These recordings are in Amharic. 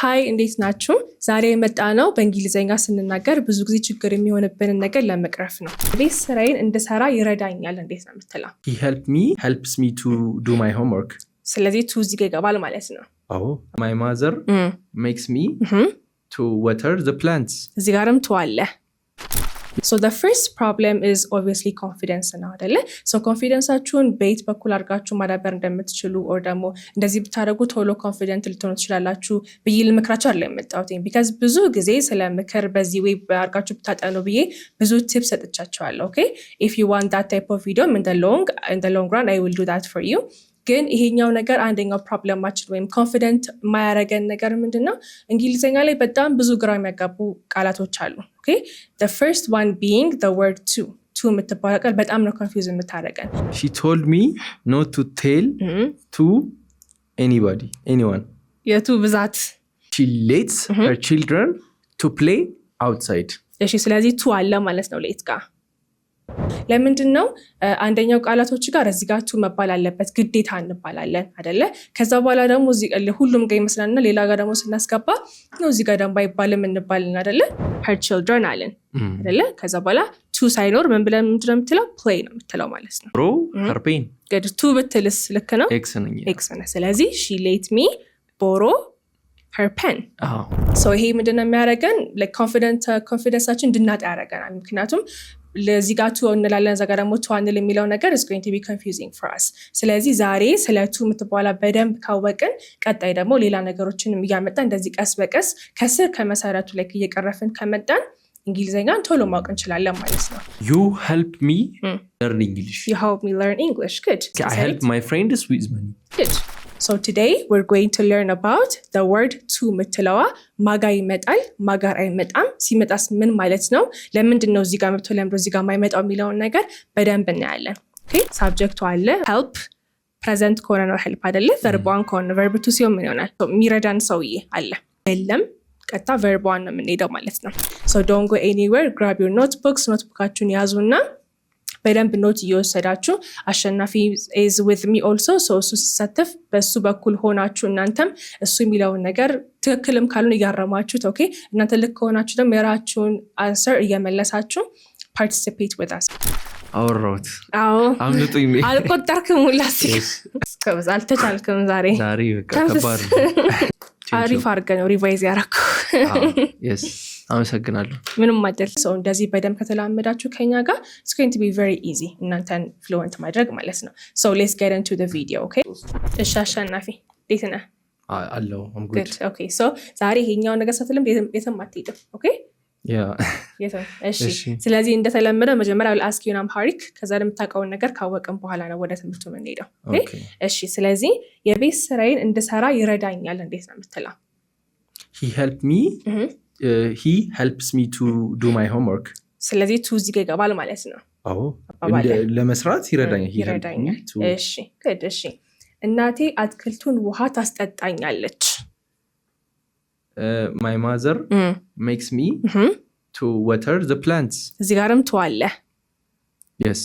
ሀይ እንዴት ናችሁ? ዛሬ የመጣ ነው በእንግሊዝኛ ስንናገር ብዙ ጊዜ ችግር የሚሆንብንን ነገር ለመቅረፍ ነው። ቤት ስራዬን እንድሰራ ይረዳኛል እንዴት ነው የምትለው? ሂ ሄልፕ ሚ ሄልፕስ ሚ ቱ ዱ ማይ ሆምወርክ። ስለዚህ ቱ እዚህ ይገባል ማለት ነው። ማይ ማዘር ሜክስ ሚ ቱ ወተር ዘ ፕላንትስ። እዚህ ጋርም ትዋለህ ሶ ፈርስት ፕሮብለም ኢዝ ኦብቪየስሊ ኮንፊደንስ ነው አደለ? ሶ ኮንፊደንሳችሁን በየት በኩል አድርጋችሁ ማዳበር እንደምትችሉ ኦር ደግሞ እንደዚህ ብታደርጉ ቶሎ ኮንፊደንት ልትሆኑ ትችላላችሁ ብዬ ልምክራችሁ አለ የመጣሁት። ቢካዝ ብዙ ጊዜ ስለ ምክር በዚህ ወይ አድርጋችሁ ብታጠኑ ብዬ ብዙ ቲፕ ሰጥቻቸዋለሁ። ኦኬ ኢፍ ዩ ዋንት ዳት ታይፕ ኦፍ ቪዲዮ ኢን ዘ ሎንግ ራን አይ ዊል ዱ ዳት ፎር ዩ ግን ይሄኛው ነገር አንደኛው ፕሮብለማችን ወይም ኮንፊደንት የማያረገን ነገር ምንድን ነው? እንግሊዝኛ ላይ በጣም ብዙ ግራ የሚያጋቡ ቃላቶች አሉ። ፈርስት ዋን ቢንግ ወርድ ቱ ቱ የምትባለው ቃል በጣም ነው ኮንፊውዝ የምታደረገን። ሺ ቶልድ ሚ ኖት ቱ ቴል ቱ ኤኒባዲ ኤኒዋን የቱ ብዛት ሺ ሌትስ ሄር ቺልድረን ቱ ፕሌይ አውትሳይድ። እሺ ስለዚህ ቱ አለ ማለት ነው ሌት ጋር ለምንድን ነው አንደኛው ቃላቶች ጋር እዚህ ጋር ቱ መባል አለበት ግዴታ እንባላለን አደለ? ከዛ በኋላ ደግሞ ሁሉም ጋር ይመስላልና ሌላ ጋር ደግሞ ስናስገባ ነው እዚህ ጋር ደግሞ አይባልም እንባልን አደለ? ፐር ችልድረን አለን አደለ? ከዛ በኋላ ቱ ሳይኖር ምን ብለን ምንድነው የምትለው? ፕሌይ ነው የምትለው ማለት ነው። ቱ ብትልስ ልክ ነው። ኤክስ ስለዚህ ሺ ሌት ሚ ቦሮ ፐርፐን ይሄ ምንድነው የሚያደርገን? ኮንፊደንሳችን እንድናጣ ያደርገናል። ምክንያቱም ለዚህ ጋር ቱ እንላለን እዛ ጋር ደግሞ ቱ አንል የሚለው ነገር ስ ጎይንግ ቱ ቢ ኮንፊውዚንግ ፎር አስ። ስለዚህ ዛሬ ስለ ቱ የምትባላ በደንብ ካወቅን ቀጣይ ደግሞ ሌላ ነገሮችን እያመጣ እንደዚህ ቀስ በቀስ ከስር ከመሰረቱ ላይ እየቀረፍን ከመጣን እንግሊዝኛን ቶሎ ማወቅ እንችላለን ማለት ነው። ዩ ሄልፕ ሚ ለርን እንግሊሽ ዩ ሄልፕ ሚ ለርን እንግሊሽ ግድ አይ ሄልፕ ማይ ፍሬንድስ ዊዝ መኒ ጉድ So ቱዴይ we're going to learn about the word to የምትለዋ ማጋ ይመጣል ማጋር አይመጣም፣ ሲመጣስ ምን ማለት ነው፣ ለምንድን ነው እዚጋ መብቶ ለምዶ እዚጋ ማይመጣው የሚለውን ነገር በደንብ እናያለን። ሳብጀክቱ አለ ሄልፕ ፕሬዘንት ከሆነ ነው ሄልፕ አይደለ? ቨርቧን ከሆነ ቨርብ ሲሆን ምን ይሆናል? የሚረዳን ሰውዬ አለ የለም ቀጥታ ቨርቧን ነው የምንሄደው ማለት ነው። ዶንት ጎ ኤኒዌር ግራብ ዮር ኖትቡክስ ኖትቡካችሁን ያዙና በደንብ ኖት እየወሰዳችሁ አሸናፊ ኢዝ ዊዝ ሚ ኦልሶ ሰው እሱ ሲሳተፍ በእሱ በኩል ሆናችሁ እናንተም እሱ የሚለውን ነገር ትክክልም ካልሆነ እያረማችሁት፣ ኦኬ እናንተ ልክ ከሆናችሁ ደግሞ የራችሁን አንሰር እየመለሳችሁ ፓርቲሲፔት ወጣ አወራሁት። አምልጡኝ። አልቆጠርክም ሁላ አልተቻልክም። ዛሬ አሪፍ አድርገህ ነው ሪቫይዝ ያደረኩህ። አመሰግናለሁ። ምንም አይደል ሰው እንደዚህ በደንብ ከተላመዳችሁ ከኛ ጋር ኢትስ ጎይንግ ቱ ቢ ቨሪ ኢዚ እናንተን ፍሉወንት ማድረግ ማለት ነው። ሶ ሌትስ ጌት ኢንቱ ዘ ቪዲዮ እሺ አሸናፊ እንዴት ነህ? አለው ኦኬ ሶ ዛሬ ይሄኛውን ነገር ስትልም የትም አትሄድም። ኦኬ ስለዚህ እንደተለመደው መጀመሪያ አስክ ዩ አምሃሪክ ከዛ የምታውቀውን ነገር ካወቅን በኋላ ነው ወደ ትምህርቱ የምንሄደው። እሺ ስለዚህ የቤት ስራዬን እንድሰራ ይረዳኛል እንዴት ነው የምትለው? ሂ ሄልፕ ሚ ሂ ሄልፕስ ሚ ቱ ዱ ማይ ሆምወርክ። ስለዚህ ቱ እዚህ ጋር ይገባል ማለት ነው። ለመስራት ይረዳኛል እሺ እናቴ አትክልቱን ውሃ ታስጠጣኛለች። ማይ ማዘር ሜክስ ሚ ቱ ወተር ዘ ፕላንትስ። እዚህ ጋርም ትዋለ። ስ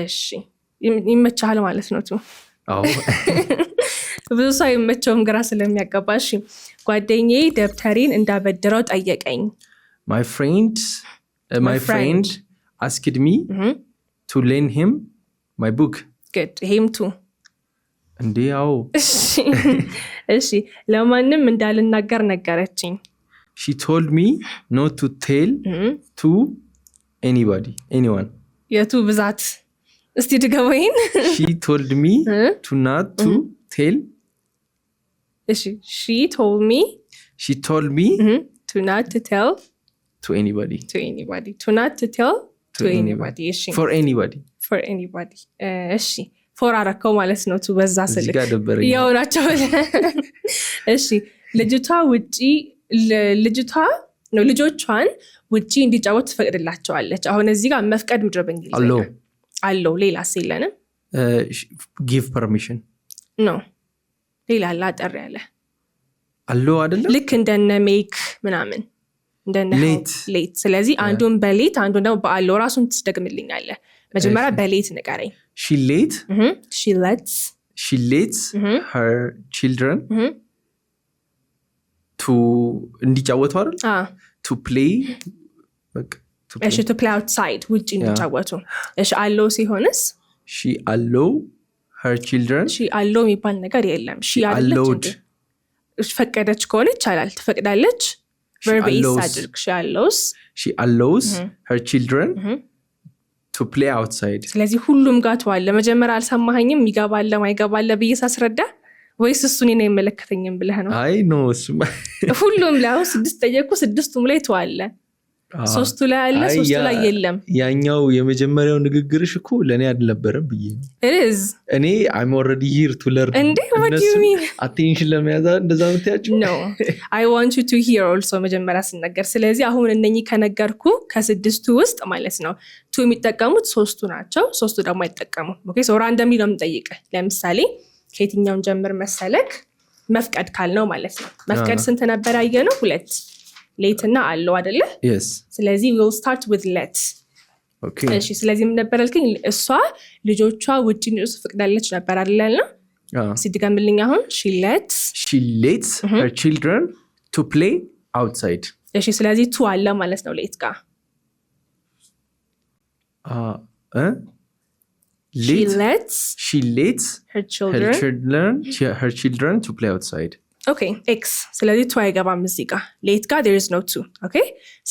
እሺ፣ ይመቻሃል ማለት ነው ቱ ብዙ ሰው የመቸውም ግራ ስለሚያቀባሽ እሺ። ጓደኛዬ ደብተሬን እንዳበድረው ጠየቀኝ። ማይ ፍሬንድ ሚ ቱ ሌን ሂም ማይ ቡክ ግድ ቱ እንዴ? አዎ። እሺ። ለማንም እንዳልናገር ነገረችኝ። ሺ ቶልድ ሚ ኖት ቱ ቴል ቱ ኤኒባዲ ኤኒዋን የቱ ብዛት እስቲ ድገማ ሺ ቶልድ ሚ ቱ ናት ቱ ቴል እሺ ሺ ሚ ሺ ሚ ቱ ናት ቱ ቴል ቱ ቱ ቱ ናት ቱ ቴል ቱ እሺ ፎር ፎር እሺ ፎር አረከው ማለት ነው ቱ በዛ ስል ያው ናቸው እሺ ልጅቷ ውጪ ልጅቷ ነው ልጆቿን ውጪ እንዲጫወት ትፈቅድላቸዋለች አሁን እዚህ ጋር መፍቀድ ምድረበኝ አለው። ሌላስ የለንም? ጊቭ ፐርሚሽን ኖ ሌላ አለ አጠር ያለ አለው አይደለም? ልክ እንደነ ሜክ ምናምን እንደነ ሌት። ስለዚህ አንዱን በሌት አንዱ ደግሞ በአለው ራሱን ትደግምልኛለህ። መጀመሪያ በሌት ንቀረኝ ሺ ሌት ሺ ሄር ቺልድረን ቱ እንዲጫወቱ አይደል ቱ ፕሌይ እሺ ቱ ፕላይ አውትሳይድ ውጭ እንዲጫወቱ። እሺ አሎ ሲሆንስ ሺ አሎ ሄር ቺልድረን። ሺ አሎ የሚባል ነገር የለም። ሺ አለች ፈቀደች ከሆነ ይቻላል። ትፈቅዳለች ቨርብ ሺ አሎውስ ሺ አሎውስ ሄር ቺልድረን ቱ ፕሌይ አውትሳይድ። ስለዚህ ሁሉም ጋር ተዋለ። መጀመሪያ አልሰማኸኝም ይገባለ ማይገባለ ብዬ ሳስረዳ ወይስ እሱን ኔ አይመለከተኝም ብለህ ነው? አይ ኖ ሁሉም ላይ ስድስት ጠየቅኩ። ስድስቱም ላይ ተዋለ ሶስቱ ላይ አለ፣ ሶስቱ ላይ የለም። ያኛው የመጀመሪያው ንግግርሽ እኮ ለእኔ አልነበረም ብዬ እኔ አይም ኦልሬዲ ሂር ቱ አቴንሽን ለመያዝ እንደዛ ምትያጭ ነው። አይ ዋንት ቱ ሂር ኦልሶ መጀመሪያ ስነገር። ስለዚህ አሁን እነኚህ ከነገርኩ ከስድስቱ ውስጥ ማለት ነው ቱ የሚጠቀሙት ሶስቱ ናቸው፣ ሶስቱ ደግሞ አይጠቀሙ ሶራ ሶ ነው የምጠይቀ ለምሳሌ ከየትኛውን ጀምር መሰለክ? መፍቀድ ካልነው ማለት ነው መፍቀድ ስንት ነበር ነው ሁለት ሌት አለው አደለ? ስለዚህ ል ስታርት ዝ ለት እሺ፣ ስለዚህ የምነበረ እሷ ልጆቿ ውጭ እንዲወጡ ፍቅዳለች ነበር አደለ? ነው ሲድገምልኝ አሁን ሺ ሌት ቱ ፕሌይ አውትሳይድ። እሺ፣ ስለዚህ ቱ አለ ማለት ነው ሌት ጋር ሌትስ ሺ ሌትስ ሄር ቺልድረን ቱ ፕሌይ አውትሳይድ ኦኬ ኤክስ ስለዚህ ቱ አይገባም እዚህ ጋር ሌት ጋ ዴር ኢዝ ኖ ቱ ኦኬ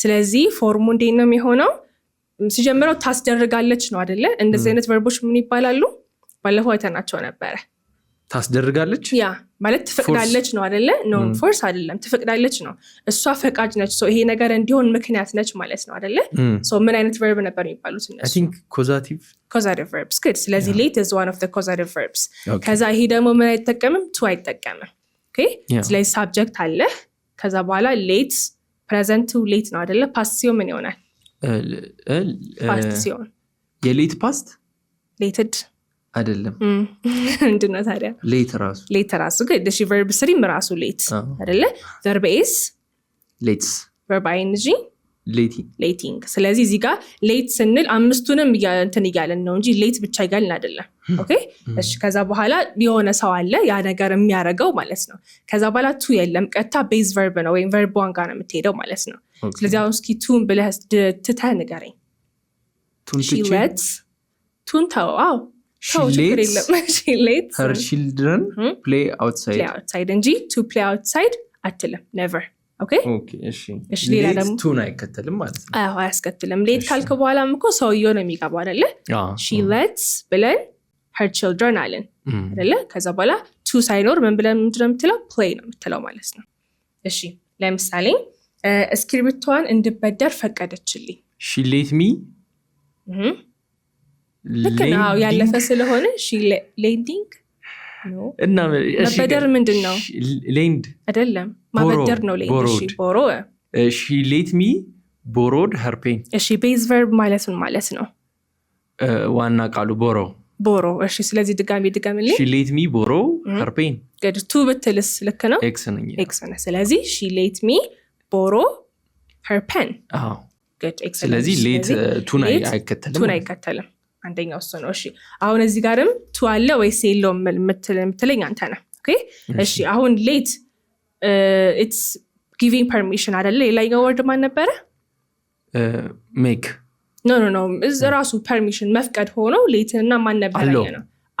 ስለዚህ ፎርሙ እንዴት ነው የሚሆነው ሲጀምረው ታስደርጋለች ነው አደለ እንደዚህ አይነት ቨርቦች ምን ይባላሉ ባለፈው አይተናቸው ነበረ ታስደርጋለች ያ ማለት ትፈቅዳለች ነው አደለ ኖ ፎርስ አይደለም ትፈቅዳለች ነው እሷ ፈቃጅ ነች ይሄ ነገር እንዲሆን ምክንያት ነች ማለት ነው አደለ ምን አይነት ቨርብ ነበር የሚባሉት ኮዛቲቭ ቨርብስ ግድ ስለዚህ ሌት ኢዝ ዋን ኦፍ ኮዛቲቭ ቨርብስ ከዛ ይሄ ደግሞ ምን አይጠቀምም ቱ አይጠቀምም ላይ ሳብጀክት አለ። ከዛ በኋላ ሌት ፕሬዘንቱ ሌት ነው አደለ? ፓስት ሲሆን ምን ይሆናል? ሲሆን የሌት ፓስት ሌትድ አደለም ምንድን ነው ታዲያ? ሌት ራሱ ሌት ራሱ ቨርብ ስሪም ራሱ ሌት አደለ? ቨርብ ኤስ ሌትስ ቨርብ አይንጂ ሌቲንግ። ስለዚህ እዚህ ጋር ሌት ስንል አምስቱንም እንትን እያለን ነው እንጂ ሌት ብቻ እያልን አደለም hmm. hmm. እሺ። ከዛ በኋላ የሆነ ሰው አለ ያ ነገር የሚያደረገው ማለት ነው። ከዛ በኋላ ቱ የለም፣ ቀጥታ ቤዝ ቨርብ ነው ወይም ቨርብ ዋን ጋር ነው የምትሄደው ማለት ነው። ስለዚህ አሁን እስኪ ቱን ብለ ትተ ንገረኝ። ቱን ተው። አዎ ተው፣ ችግር ፕሌይ አውትሳይድ hmm? እንጂ ቱ ፕሌይ አውትሳይድ አትልም ነቨር ሌላ ደግሞ አይከተልም ማለት ነው። አያስከትልም። ሌት ካልክ በኋላ ምኮ ሰውየው ነው የሚገባው አደለ? ሺ ሌትስ ብለን ሄር ችልድረን አለን አደለ? ከዛ በኋላ ቱ ሳይኖር ምን ብለን ምንድን ነው የምትለው? ፕሌይ ነው የምትለው ማለት ነው። እሺ ለምሳሌ እስክሪብቷን እንድበደር ፈቀደችልኝ። ሺ ሌት ሚ ልክ ነው ያለፈ ስለሆነ ሺ ሌንዲንግ እና መበደር ምንድን ነው? ሌንድ አይደለም ማበደር ነው። ሌንድ ቦሮ ሌት ሚ ቦሮድ ሄር እሺ ቤዝ ቨርብ ማለት ነው? ዋና ቃሉ ቦሮ ቦሮ። እሺ ስለዚህ ድጋሚ ድጋሚ ሌት ሚ ቦሮ ሄር ቱ ብትልስ ልክ ነው። ስለዚህ ሌት ሚ ቦሮ ስለዚህ ሌት ቱን አይከተልም። አንደኛው እሱ ነው። እሺ አሁን እዚህ ጋርም ቱ አለ ወይስ የለውም የምትለኝ አንተ ነው እሺ አሁን ሌት ኢትስ ጊቪንግ ፐርሚሽን አደለ ሌላኛው ወርድ ማን ነበረ? ሜክ ኖ ኖ ኖ ራሱ ፐርሚሽን መፍቀድ ሆኖ ሌትንና ማን ነበረ ነው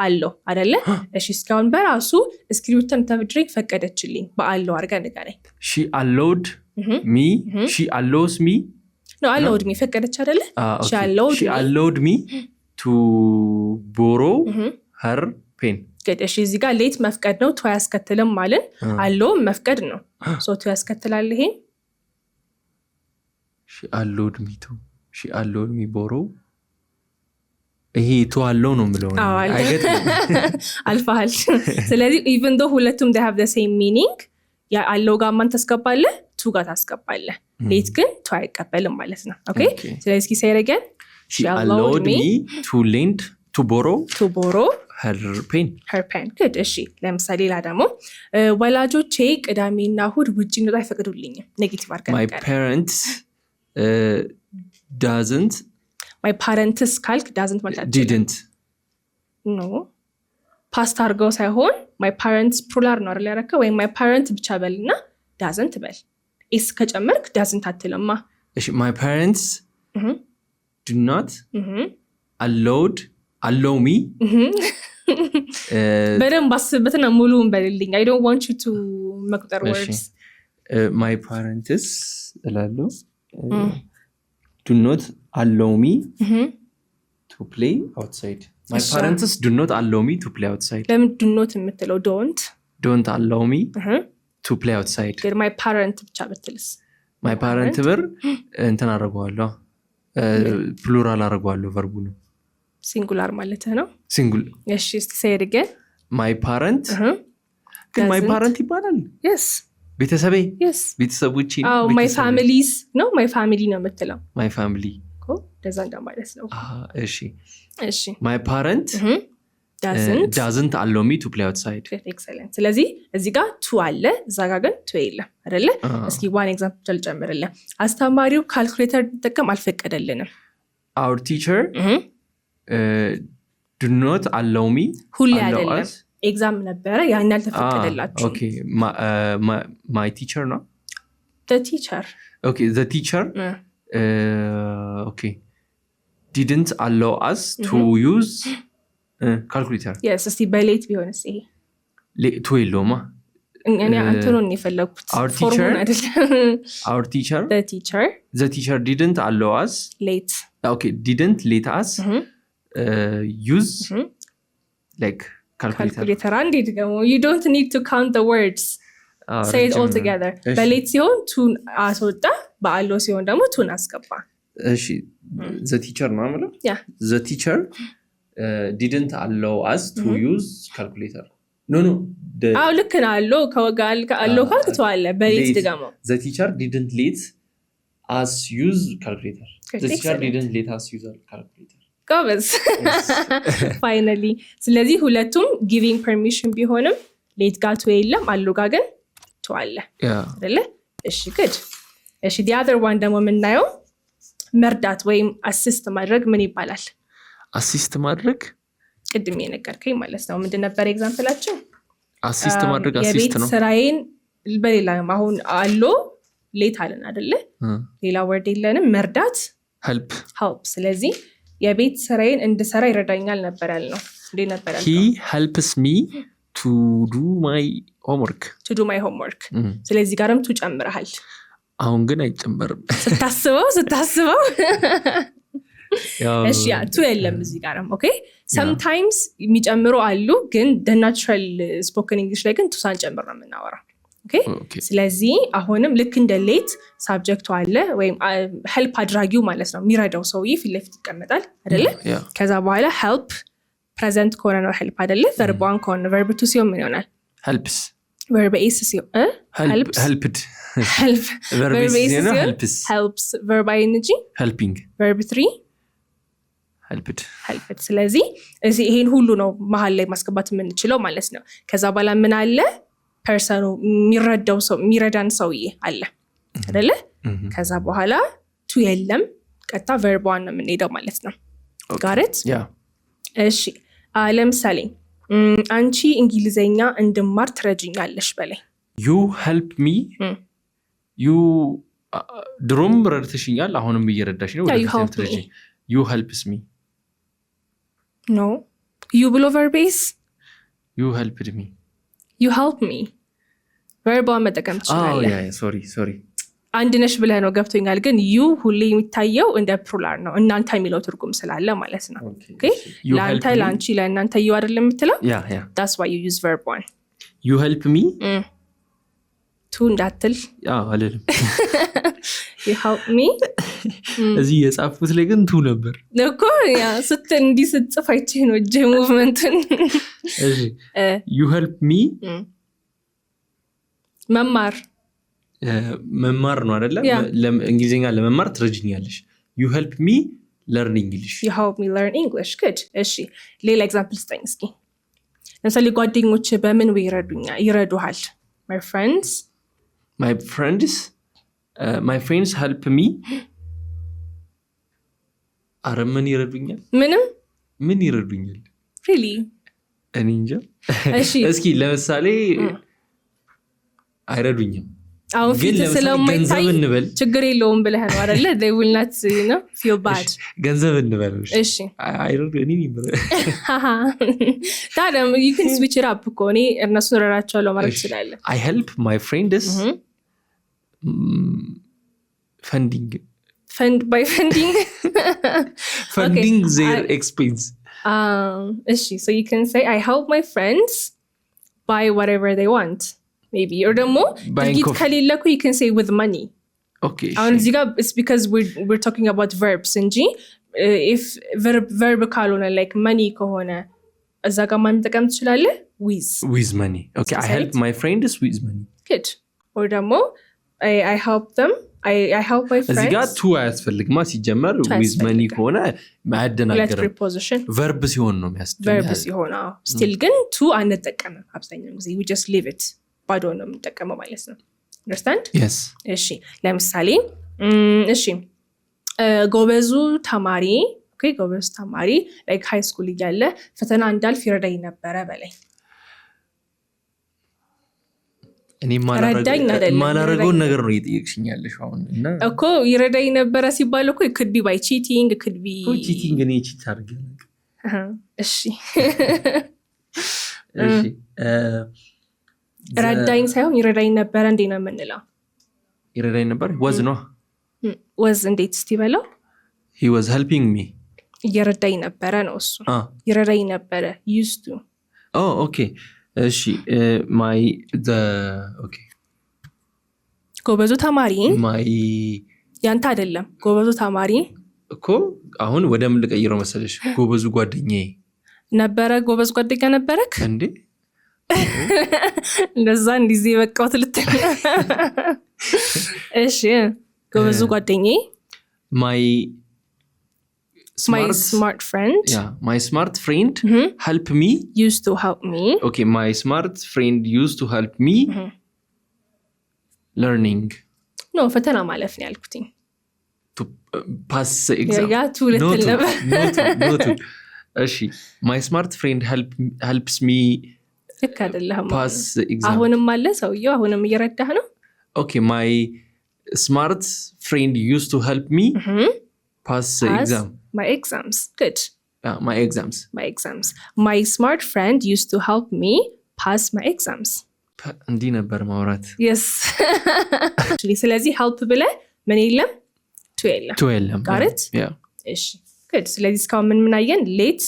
አለው አደለ እሺ እስካሁን በራሱ እስክሪፕተን ተብድሬ ፈቀደችልኝ በአለው አርጋ ንገረኝ። ሺ አለውድ ሚ ሺ አለውስ ሚ ነው አለውድ ሚ ፈቀደች አደለ ሺ አለውድ ሚ ቹቦሮ ሀር ፔን እሺ እዚህ ጋር ሌት መፍቀድ ነው። ቶ ያስከትልም ማለን አለውም መፍቀድ ነው። ሶቱ ያስከትላል። ይሄ አለው ድሚቱ አለው ድሚ ቦሮ ይሄ ቱ አለው ነው ምለው አልፋሃል። ስለዚህ ኢቨን ዶ ሁለቱም ዳይ ሃቭ ሴም ሚኒንግ አለው ጋር ማን ታስገባለህ? ቱ ጋር ታስገባለህ። ሌት ግን ቱ አይቀበልም ማለት ነው። ኦኬ ስለዚህ እስኪ ሳይረገን she, she allowed me, me to lend to borrow to borrow her pen her pen good እሺ ለምሳሌ ሌላ ደግሞ ወላጆቼ ቅዳሜና እሑድ ውጭ እንወጣ አይፈቅዱልኝም። ኔጌቲቭ አድርገን my parents uh, doesn't my parents ካልክ doesn't ማለት didn't ኖ ፓስት አድርገው ሳይሆን my parents ፕሉራል ነው አይደል ያደረከው? ወይም my parents ብቻ በልና doesn't በል ኤስ ከጨመርክ doesn't አትልማ። እሺ my parents do not allowed mm-hmm. allow me mm-hmm. uh, በደንብ አስብበትና ሙሉውን በልልኝ። አይ ዶንት ዋንት ዩ ቱ መቁጠር ወርድስ ማይ ፓረንትስ እላሉ ዱ ኖት አለው ሚ ቱ ፕሌይ አውትሳይድ ማይ ፓረንትስ ዱ ኖት አለው ሚ ቱ ፕሌይ አውትሳይድ። ለምን ዱ ኖት የምትለው ዶንት ዶንት አለው ሚ ቱ ፕሌይ አውትሳይድ። ማይ ፓረንት ብቻ ብትልስ ማይ ፓረንት mm-hmm. ብር እንትን አድርገዋለሁ ፕሉራል አድርጓለሁ ነው ሲንጉላር ማለት ነው። ሲንጉል እሺ፣ ሴድ ግን ማይ ፓረንት ግን ማይ ፓረንት ይባላል። ስ ቤተሰቤ፣ ስ ቤተሰቦች ማይ ፋሚሊስ ነው። ማይ ፋሚሊ ነው የምትለው። ማይ ፋሚሊ እንደዛ እንደማለት ነው። እሺ፣ እሺ ማይ ፓረንት ዳዝንት አለው ሚ ቱ ፕላይ አውትሳይድ ኤክሰለንት። ስለዚህ እዚህ ጋር ቱ አለ፣ እዛ ጋ ግን ቱ የለም አደለ እስኪ ዋን ኤግዛምፕል ጨምርልን። አስተማሪው ካልኩሌተር እንጠቀም አልፈቀደልንም። አውር ቲቸር ድኖት አለው ሚ ሁሌ አይደለም። ኤግዛም ነበረ ያን ያልተፈቀደላችሁ ማይ ቲቸር ነው ቲቸር ቲቸር ዲድንት አለው አስ ቱ ዩዝ ካልኩሌተር እስቲ በሌት ቢሆንስ ይሄ ቱ የለውማ እኔ እንትኑን የፈለግኩት ፎርሙን አር ቲቸር ዘ ዲድንት አለው ሌት ኦኬ ዲድንት ሌት አስ ዩዝ ላይክ ካልኩሌተር አንዴ ደግሞ ዩ ዶንት ኒድ ቱ ካውንት ዘ ወርድስ ሴይ ኦል ቱጌዘር በሌት ሲሆን ቱን አስወጣ በአለው ሲሆን ደግሞ ቱን አስገባ እሺ ዘ mm. ነው የምለው ዘቲቸር ዲድንት አለው አዝ ቱ ዩዝ ካልኩሌተር ኖ ኖ አዎ ልክ ነው አለው ከወጋ ah, አለው ካልክ ትዋለህ በሌት ድጋማ ዘቲቸር ዲድንት ሌት አስ ዩዝ ካልኩሌተር ዘቲቸር ዲድንት ሌት አስ ዩዝ ካልኩሌተር ጎበዝ ፋይናሊ ስለዚህ ሁለቱም ጊቪንግ ፐርሚሽን ቢሆንም ሌት ጋቱ የለም አለው ጋር ግን ትዋለህ አለ እሺ ግድ እሺ ዲ አዘር ዋን ደግሞ የምናየው መርዳት ወይም አሲስት ማድረግ ምን ይባላል አሲስት ማድረግ ቅድም የነገርከኝ ማለት ነው። ምንድን ነበር ኤግዛምፕላቸው አሲስት ማድረግ አሲስት ነው። ስራዬን በሌላ አሁን አሎ ሌት አለን አደለ? ሌላ ወርድ የለንም። መርዳት ልፕ ሄልፕ። ስለዚህ የቤት ስራዬን እንድሰራ ይረዳኛል ነበር ነው እንዴት ነበር ያልነው? ሄልፕስ ሚ ቱ ዱ ማይ ሆምወርክ ቱ ዱ ማይ ሆምወርክ። ስለዚህ ጋርም ቱ ጨምረሃል። አሁን ግን አይጨመርም ስታስበው ስታስበው እሺ ቱ የለም እዚህ ጋርም ኦኬ ሰምታይምስ የሚጨምሩ አሉ ግን ናቹራል ስፖክን እንግሊሽ ላይ ግን ቱሳን ጨምር ነው የምናወራ ስለዚህ አሁንም ልክ እንደ ሌት ሳብጀክቱ አለ ወይም ሄልፕ uh, አድራጊው ማለት ነው የሚረዳው ሰውዬ ፊት ለፊት ይቀመጣል አደለ ከዛ በኋላ ሄልፕ ፕሬዘንት ከሆነ ነው ሄልፕ አደለ ቨርቧን ከሆነ ቨርብ ቱ ሲሆን ምን ይሆናል ሄልፕስ ቨርብ ኤስ ሲሆን ሄልፕድ ቨርብ ኤስ ሲሆን ሄልፕስ ቨርብ አይ ቨርብ ትሪ አልብድ ስለዚህ እዚህ ይሄን ሁሉ ነው መሀል ላይ ማስገባት የምንችለው ማለት ነው። ከዛ በኋላ ምን አለ ፐርሰኑ የሚረዳው ሰው የሚረዳን ሰውዬ አለ አደለ ከዛ በኋላ ቱ የለም ቀጥታ ቨርቧን ነው የምንሄደው ማለት ነው። ጋረት እሺ። ለምሳሌ አንቺ እንግሊዘኛ እንድማር ትረጅኛለሽ በላይ ዩ ሄልፕ ሚ ዩ ድሮም ረድተሽኛል፣ አሁንም እየረዳሽ ነው። ዩ ሄልፕስ ሚ ኖ ዩ ብሎ verb is? You helped me. You helped ቨርቧን መጠቀም oh, ትችላለህ። አንድ ነሽ ብለህ ነው ገብቶኛል። ግን ዩ ሁሌ የሚታየው እንደ ፕሩላር ነው እናንተ የሚለው ትርጉም ስላለ ማለት ነው። ለአንተ፣ ለአንቺ፣ ለእናንተ ዩ አይደለም የምትለው ስ ዩ ዩዝ ቨርብ ዋን ዩ ሄልፕ ሚ ቱ እንዳትል አልልም። ሚ እዚህ የጻፉት ላይ ግን ቱ ነበር እኮ ስት እንዲህ ስጽፍ አይችህን ወጀ እጅ ሙቭመንቱን ዩ ሄልፕ ሚ መማር መማር ነው አደለ? እንግሊዝኛ ለመማር ትረጅኛለሽ። ዩ ሄልፕ ሚ ለርን እንግሊሽ ዩ ሄልፕ ሚ ለርን እንግሊሽ ግድ። እሺ ሌላ ኤግዛምፕል ስጠኝ እስኪ። ለምሳሌ ጓደኞች በምን ይረዱኛል ይረዱሃል? ማይ ፍሬንድስ ማይ ፍሬንድስ ማይ ፍሬንድስ ሀልፕ ሚ አረ ምን ይረዱኛል? ምንም ምን ይረዱኛል? ሪሊ እኔ እንጃ። እስኪ ለምሳሌ አይረዱኝም አሁን ፊት ስለማይታይ ችግር የለውም ብለህ ነው አለ ናት ነው ፊል ባድ ገንዘብ እንበል ታዲያ ዩን ስዊች ራፕ እኮ እኔ እነሱን ረዳቸዋለሁ ማለት ትችላለህ። አይ ሄልፕ ማይ ፍሬንድስ ፈንዲንግ ባይ ፈንዲንግ ፈንዲንግ ዜር ኤክስፔንስ እሺ ሶ ዩ ከን ሴይ አይ ሄልፕ ማይ ፍሬንድስ ባይ ዋትኤቨር ዜይ ዋንት ሜቢ ኦር ደግሞ ድርጊት ከሌለ እኮ ዩ ኬን ዊዝ መኒ አሁን እዚህ ጋር ኢትስ ቢካዝ ዊር ቶኪንግ አባውት ቨርብስ እንጂ ቨርብ uh, ካልሆነ ላይክ መኒ ከሆነ እዛ ጋር ማን መጠቀም ትችላለህ ዊዝ ዊዝ ማይ ፍሬንድስ ዊዝ መኒ ግድ ኦር ደግሞ አይ ሄልፕ ዘም እዚህ ጋር ቱ አያስፈልግማ ሲጀመር ዊዝ መኒ ከሆነ አያደናገርም ቨርብ ሲሆን ነው ቨርብ ሲሆን ስቲል ግን ቱ አንጠቀምም አብዛኛውን ጊዜ ጀስት ሊቭ ኢት ባዶ ነው የምንጠቀመው ማለት ነው። ንርስታንድ እሺ፣ ለምሳሌ እሺ፣ ጎበዙ ተማሪ ጎበዙ ተማሪ ላይክ ሃይ ስኩል እያለ ፈተና እንዳልፍ ይረዳኝ ነበረ በላይ እኔ ማላረገውን ነገር ነው እየጠየቅሽኛለሽ አሁን እኮ ይረዳኝ ነበረ ሲባል እኮ ክድቢ ባይ ቺቲንግ ክድቢ ቺቲንግ እኔ ቺት እሺ እሺ ረዳኝ ሳይሆን ይረዳኝ ነበረ እንዴ ነው የምንለው። ይረዳኝ ነበር ወዝ ነ ወዝ እንዴት ስቲ በለው። ወዝ ሄልፒንግ ሚ እየረዳኝ ነበረ ነው እሱ ይረዳኝ ነበረ ዩስቱ ኦኬ እሺ ማይ ጎበዙ ተማሪ ማይ ያንተ አይደለም ጎበዙ ተማሪ እኮ አሁን ወደ ምን ልቀይረው መሰለሽ ጎበዙ ጓደኛ ነበረ ጎበዝ ጓደኛ ነበረክ እንዴ እንደዛ እንዲዜ የበቃሁት ልትል። እሺ ጎበዙ ጓደኛዬ ማይ ስማርት ፍሬንድ ማይ ሚ ዩዝ ቱ ሄልፕ ሚ ኦኬ ማይ ስማርት ፍሬንድ ዩዝ ቱ ሄልፕ ሚ ለርኒንግ ኖ ፈተና ማለፍ ነው ያልኩትኝ። ፓስ ማይ ስማርት ፍሬንድ ሄልፕስ ሚ ልክ አይደለህም። አሁንም አለ ሰውየው፣ አሁንም እየረዳህ ነው። ኦኬ ማይ ስማርት ፍሬንድ ዩዝ ቱ ሄልፕ ሚ ፓስ ማይ ኤግዛምስ ማይ ኤግዛምስ ማይ ስማርት ፍሬንድ ዩስ ቱ ሄልፕ ሚ ፓስ ማይ ኤግዛምስ። እንዲህ ነበር ማውራት የስ። ስለዚህ ሄልፕ ብለ ምን የለም ቱ የለም ቱ የለም ጋርት እሺ ግድ። ስለዚህ እስካሁን ምን ምናየን ሌት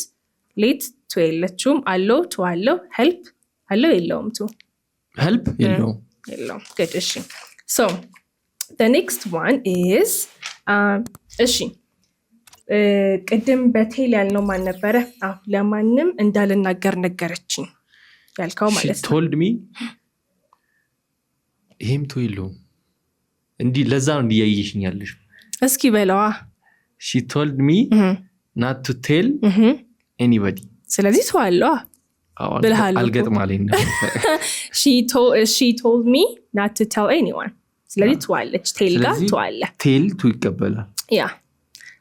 ሌት ቱ የለችውም አለው ቱ አለው ሄልፕ አለው የለውም? ቱ ሄልፕ የለውም የለውም። ግድ እሺ። ሶ ኔክስት ዋን ኢዝ እሺ ቅድም በቴል ያልነው ማን ነበረ? ለማንም እንዳልናገር ነገረችኝ ያልከው ማለት ነው። ቶልድ ሚ ይሄም ቱ የለውም። እንዲ ለዛ ነው እንዲያየሽኝ ያለሽ። እስኪ በለዋ ሺ ቶልድ ሚ ናት ቱ ቴል ኒበዲ ስለዚህ ተዋለዋ ሚ ኤኒዋን uh, ስለዚህ ትዋለች ቴል ጋር ትዋለ ቴል ቱ ይቀበላል ያ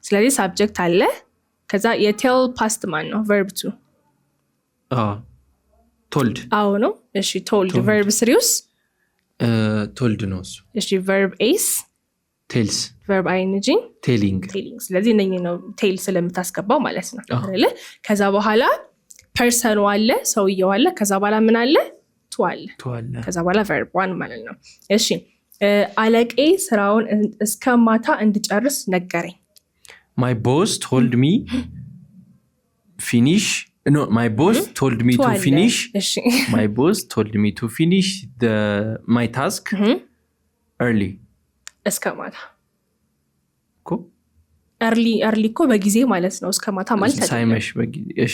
ስለዚህ ሳብጀክት አለ ከዛ የቴል ፓስት ማን ነው ቨርብ ቱ ቶልድ አዎ ነው እሺ ቶልድ ቨርብ ስሪውስ ቶልድ ነው እሱ እሺ ቨርብ ኤስ ቴልስ ቨርብ አይንጂ ቴሊንግ ቴሊንግ ስለዚህ እነኝ ነው ቴል ስለምታስገባው ማለት ነው ከዛ በኋላ ፐርሰኑ አለ፣ ሰውየው አለ፣ ከዛ በኋላ ምን አለ ቱ አለ፣ ከዛ በኋላ ቨርብ ዋን ማለት ነው። እሺ አለቄ ስራውን እስከ ማታ እንድጨርስ ነገረኝ። ማይ ቦስ ቶልድ ሚ ፊኒሽ ኖ ማይ ቦስ ቶልድ ሚ ቱ ፊኒሽ ማይ ቦስ ቶልድ ሚ ቱ ፊኒሽ ማይ ታስክ ኤርሊ እስከ ማታ እርሊ እርሊ እኮ በጊዜ ማለት ነው። እስከ ማታ ማለትሳይመሽ ሳይመሽ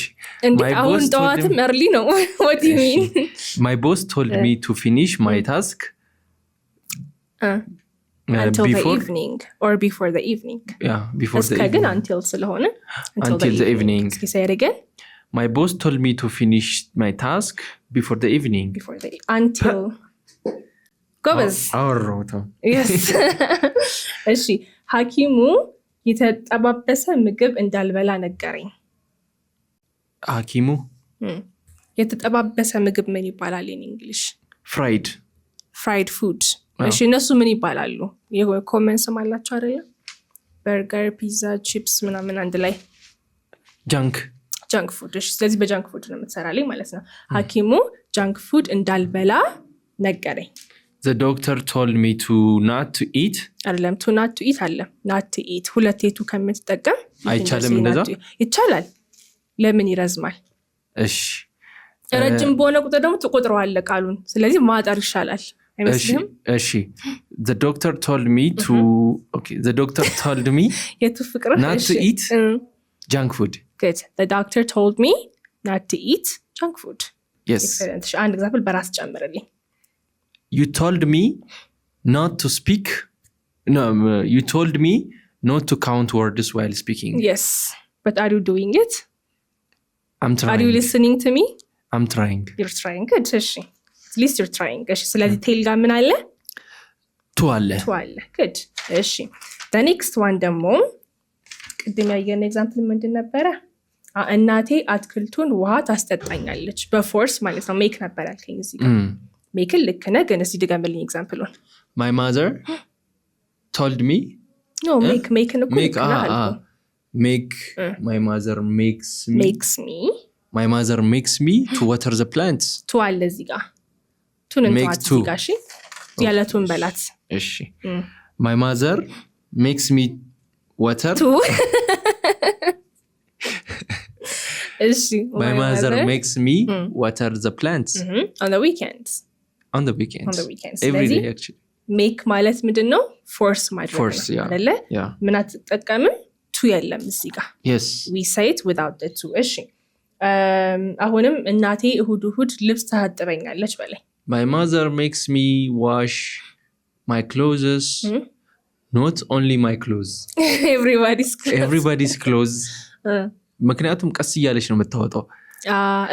አሁን ጠዋትም እርሊ ነው። ማይ ቦስ ቶልድ ሚ ቱ ፊኒሽ ማይ ታስክ ማይ ቦስ ቶል ሚ ቱ ፊኒሽ ማይ ታስክ ቢፎር ዘ ኢቭኒንግ ጎበዝ እሺ ሐኪሙ የተጠባበሰ ምግብ እንዳልበላ ነገረኝ። ሐኪሙ የተጠባበሰ ምግብ ምን ይባላል? ን እንግሊሽ ፍራይድ ፍራይድ ፉድ። እሺ እነሱ ምን ይባላሉ? ኮመን ስም አላቸው አይደለም? በርገር፣ ፒዛ፣ ቺፕስ ምናምን አንድ ላይ ጃንክ ጃንክ ፉድ። እሺ ስለዚህ በጃንክ ፉድ ነው የምትሰራልኝ ማለት ነው። ሐኪሙ ጃንክ ፉድ እንዳልበላ ነገረኝ። ዶክተር ቶልድ ሚ ቱ ናት ቱ ኢት አይደለም፣ ቱ ናት ቱ ኢት አለ ናት ቱ ኢት። ሁለቴ ቱ ከምትጠቀም አይቻልም። እንደዛ ይቻላል። ለምን ይረዝማል? እሺ፣ ረጅም በሆነ ቁጥር ደግሞ ትቆጥረዋለ ቃሉን። ስለዚህ ማጠር ይሻላል አይመስልህም? እሺ፣ ዶክተር ቶልድ ሚ ቱ ዶክተር ቶልድ ሚ የቱ ፍቅር ናት ቱ ኢት ጃንክ ፉድ። ዶክተር ቶልድ ሚ ናት ቱ ኢት ጃንክ ፉድ። አንድ ኤግዛምፕል በራስ ጨምርልኝ ዩ ቶልድ ሚ ኖት ቱ ስፒክ ዩ ቶልድ ሚ ኖት ቱ ካውንት ወርድስ ዋይል ስፒኪንግ የስ በት አር ዩ ዱዊንግ ኢት አር ዩ ሊስኒንግ ቱ ሚ አም ትራይንግ ዩር ትራይንግ ጉድ እሺ ሊስት ዩር ትራይንግ እሺ ስለዚህ ቴል mm. ጋር ምን አለ ቱ አለ ቱ አለ ጉድ እሺ ኔክስት ዋን ደግሞ ቅድም ያየን ኤግዛምፕል ምንድን ነበረ እናቴ አትክልቱን ውሃ ታስጠጣኛለች በፎርስ ማለት ነው ሜክ ነበር ያልከኝ እዚህ mm. ሜክል ልክ ነ ግን እስኪ ድገምልኝ ኤግዛምፕሉን። ማይ ማዘር ቶልድ ሚ ማይ ማዘር ሜክስ ሚ ቱ ወተር ዘ ፕላንት ቱ አለ እዚ ጋ ቱን ተዋት እዚህ ጋ ያለቱን በላት እሺ። ማይ ማዘር ሜክስ ሚ ወተር ቱ እሺ። ማይ ማዘር ሜክስ ሚ ወተር ዘ ፕላንት ኦን ዘ ዊኬንድስ ኦን ዊኬንድ ኤቭሪ ዴይ አክቹዋሊ ሜክ ማለት ምንድን ነው ፎርስ ማድረግ ነው ምን አትጠቀምም ቱ የለም እዚህ ጋር ዊሳይት እሺ um, አሁንም እናቴ እሁድ እሁድ ልብስ ታጥበኛለች በላይ ማይ ማዘር ሜክስ ሚ ዋሽ ማይ ክሎዝስ ኖት ኦንሊ ማይ ክሎዝ ኤቭሪባዲስ ክሎዝ ምክንያቱም ቀስ እያለች ነው የምታወጣው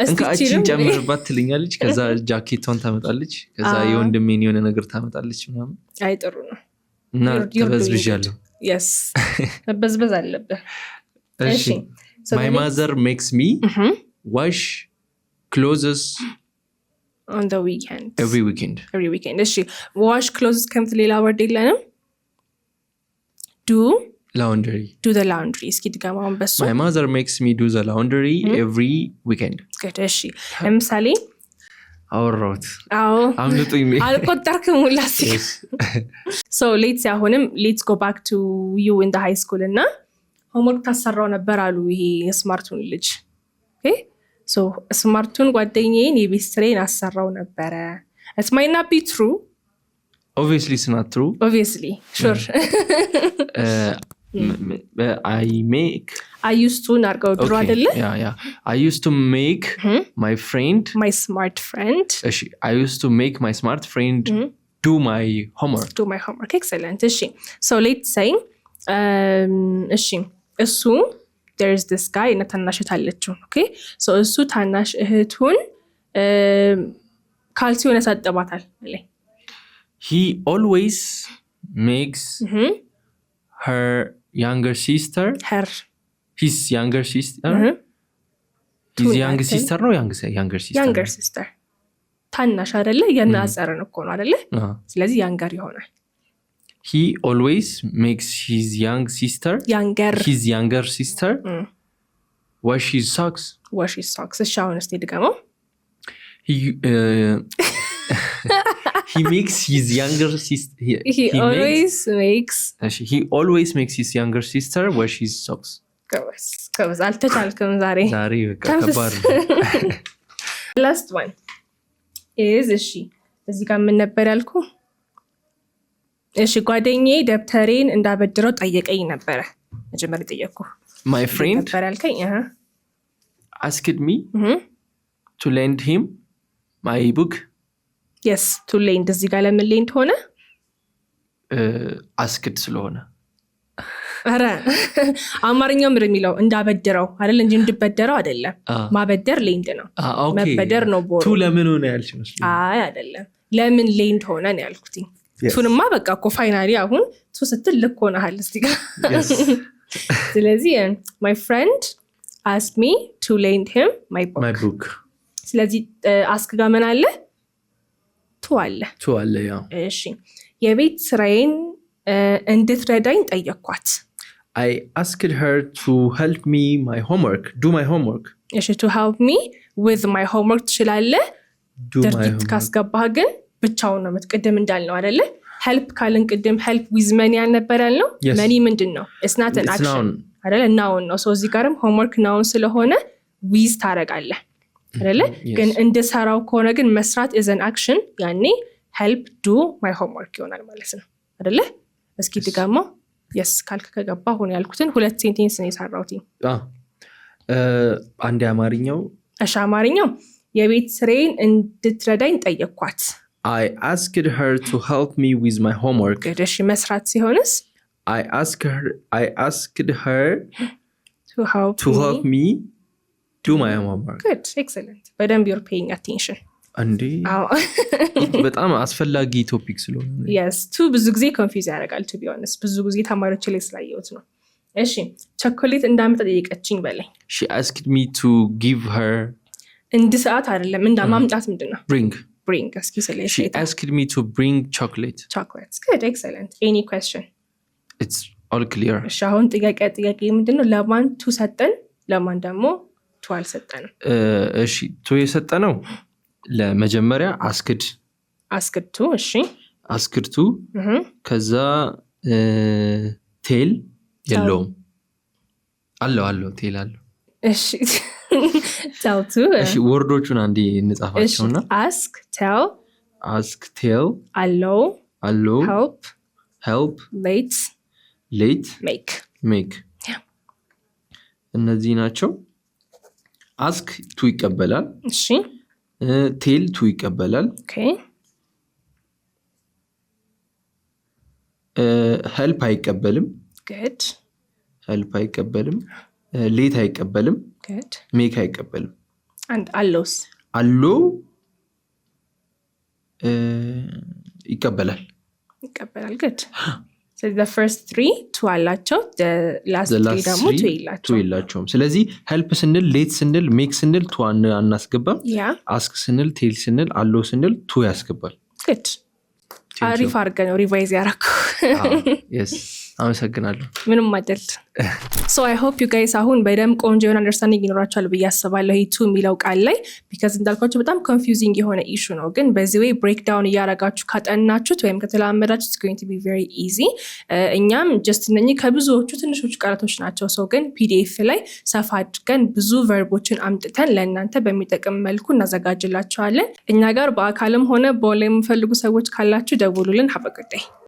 እንካ እቺን ጨምርባት ትልኛለች። ከዛ ጃኬቷን ታመጣለች። ከዛ የወንድሜን የሆነ ነገር ታመጣለች ምናምን። አይ ነው እና ተበዝብዥ ያለው መበዝበዝ አለብህ። ማይ ማዘር ሜክስ ሚ ዋሽ ክሎዝስ ዋሽ ክሎዝስ ከምት ሌላ ወርድ የለንም ዱ ላውንደሪ ዱ ዘ ላውንደሪ እስኪ ድገማውን በሱ ማይ ማዘር ሜክስ ሚ ዱ ዘ ላውንደሪ ኤቭሪ ዊኬንድ ግድ እሺ ለምሳሌ አወራሁት አዎ አምልጡኝ አልቆጠርክም ሁላ ሶ ሌትስ አሁንም ሌትስ ጎ ባክ ቱ ዩ ኢን ሃይ ስኩል እና ሆምወርክ ታሰራው ነበር አሉ ይሄ ስማርቱን ልጅ ስማርቱን ጓደኛዬን የቤት ስራዬን አሰራው ነበረ ኢት ማይ ናት ቢ ትሩ ኦብቪየስሊ ስናት ትሩ ኦብቪየስሊ ሹር አዩስቱን አድርገው ድሮ አይደለ? አዩስቱ ሜክ ማይ ፍሬንድ ማይ ስማርት ፍሬንድ። እሺ አዩስቱ ሜክ ማይ ስማርት ፍሬንድ ዱ ማይ ሆምወርክ ዱ ማይ ሆምወርክ። ኤክሰለንት። እሺ ሶ ሌት ሳይ እሺ እሱ ርስ ስ ጋይ እና ታናሽ እህት ኦኬ ሶ እሱ ታናሽ እህቱን um, ካልሲውን ያሳጥባታል። ሂ ኦልዌይስ ሜክስ ሄር younger sister her his younger sister mm -hmm. his young sister no young sister younger sister younger sister ታናሽ አይደለ የናዘርን እኮ ነው አይደለ ስለዚህ ያንገር ይሆናል he always makes his young sister younger his younger sister mm. wash his socks wash his socks እሺ አሁን እስቲ ድገመው he makes his younger sister. He, always makes. Uh, he always makes his younger sister wear his socks. Last one is she. እዚህ ጋር ምን ነበር ያልኩ እሺ ጓደኛ ደብተሬን እንዳበድረው ጠየቀኝ ነበረ መጀመር ጠየቅኩ ማይ ፍሬንድ ያልከኝ አስክድ ሚ ቱ ሌንድ ሂም ማይ ቡክ የስ ቱ እንደዚህ ጋር ለምን ሌንድ ሆነ? አስክድ ስለሆነ ኧረ አማርኛው ምር የሚለው እንዳበድረው አይደለ እንጂ እንድበደረው አይደለም። ማበደር ሌንድ ነው፣ መበደር ነው። ቱ ለምን ሆነ ያልሽ መስሎኝ። አይ አይደለም፣ ለምን ሌንድ ሆነ ነው ያልኩትኝ። ቱንማ በቃ እኮ ፋይናሊ አሁን ቱ ስትል ልክ ሆነሃል እዚህ ጋር። ስለዚህ ማይ ፍሬንድ አስክ ሚ ቱ ሌንድ ሂም ማይ ቡክ። ስለዚህ አስክ uh, ጋር ምን አለ አለ ቱ ያው እሺ፣ የቤት ስራዬን እንድትረዳኝ ጠየኳት። አይ አስክድ ሄር ቱ ሄልፕ ሚ ማይ ሆምወርክ ዱ ማይ ሆምወርክ። እሺ፣ ቱ ሄልፕ ሚ ዊዝ ማይ ሆምወርክ ትችላለህ። ድርጊት ካስገባህ ግን ብቻውን ነው ቅድም እንዳልነው አደለ ሄልፕ ካልን ቅድም ሄልፕ ዊዝ መኒ አልነበር ያልነው? መኒ ምንድን ነው? እስናትን አክሽን አደለ ናውን ነው። ሰው እዚህ ጋርም ሆምወርክ ናውን ስለሆነ ዊዝ ታረጋለህ አይደለ? ግን እንድሰራው ከሆነ ግን መስራት ዘን አክሽን፣ ያኔ ሄልፕ ዱ ማይ ሆምወርክ ይሆናል ማለት ነው አደለ እስኪ ድጋሞ የስ ካልክ ከገባ ሆነ ያልኩትን ሁለት ሴንቴንስ ነው የሰራውት አንድ አማርኛው እሺ፣ አማርኛው የቤት ስሬን እንድትረዳኝ ጠየቅኳት። አይ አስክድ ሄር ቱ ሄልፕ ሚ ዊዝ ማይ ሆምወርክ። እሺ፣ መስራት ሲሆንስ አይ አስክድ ሄር ቱ ሄልፕ ሚ ዱ ማይ አም ኤክሰለንት። በደንብ ዩር ፔይንግ አቴንሽን እንዴ በጣም አስፈላጊ ቶፒክ ስለሆነ የስ ቱ ብዙ ጊዜ ኮንፊዝ ያደርጋል። ቱ ቢሆንስ ብዙ ጊዜ ተማሪዎች ላይ ስላየውት ነው። እሺ ቸኮሌት እንዳመጣ ጠየቀችኝ በላይ ሺ አስክድ ሚ ቱ ጊቭ ሄር እንድ ሰዓት አይደለም እንዳ ማምጣት ምንድን ነው ብሪንግ ብሪንግ እስኪ ስለ ሺ ሚ ቱ ብሪንግ ቾኮሌት ቾኮሌት ጉድ ኤክሰለንት ኤኒ ኩዌስችን ኢትስ ኦል ክሊር። እሺ አሁን ጥያቄ ጥያቄ ምንድን ነው ለማን ቱ ሰጠን ለማን ደግሞ ቱዋል ሰጠ ነው። እሺ ቱ የሰጠ ነው። ለመጀመሪያ አስክድ አስክድቱ። እሺ አስክድቱ። ከዛ ቴል የለውም አለው አለው ቴል አለው። እሺ ታውቱ። እሺ ወርዶቹን አንዴ እንጻፋቸውና አስክ ቴል አስክ ቴል አለው አለው ሄልፕ ሄልፕ ሌት ሌት ሜክ ሜክ እነዚህ ናቸው። አስክ ቱ ይቀበላል። እሺ ቴል ቱ ይቀበላል። ሄልፕ አይቀበልም። ግድ ሄልፕ አይቀበልም። ሌት አይቀበልም። ግድ ሜክ አይቀበልም። አለውስ አሎ ይቀበላል ይቀበላል ግድ ፈርስት ቱ አላቸው ላስት የላቸውም። ስለዚህ ሄልፕ ስንል ሌት ስንል ሜክ ስንል ቱ አናስገባም። አስክ ስንል ቴል ስንል አሎ ስንል ቱ ያስገባል። አሪፍ አርገ ነው ሪቫይዝ ያረኩ ah, አመሰግናለሁ። ምንም አይደል። ሶ አይ ሆፕ ዩ ጋይስ አሁን በደም ቆንጆ የሆነ አንደርስታንዲንግ ይኖራቸዋል ብዬ አስባለሁ። ቱ የሚለው ቃል ላይ ቢካዝ እንዳልኳቸው በጣም ኮንፊዚንግ የሆነ ኢሹ ነው፣ ግን በዚህ ወይ ብሬክዳውን እያረጋችሁ ካጠናችሁት ወይም ከተለመዳችሁ ኢትስ ቱ ቢ ቬሪ ኢዚ። እኛም ጀስት እነኚህ ከብዙዎቹ ትንሾቹ ቃላቶች ናቸው። ሰው ግን ፒዲኤፍ ላይ ሰፋ አድርገን ብዙ ቨርቦችን አምጥተን ለእናንተ በሚጠቅም መልኩ እናዘጋጅላቸዋለን። እኛ ጋር በአካልም ሆነ በላ የምፈልጉ ሰዎች ካላችሁ ደውሉልን። ሀበቅጤ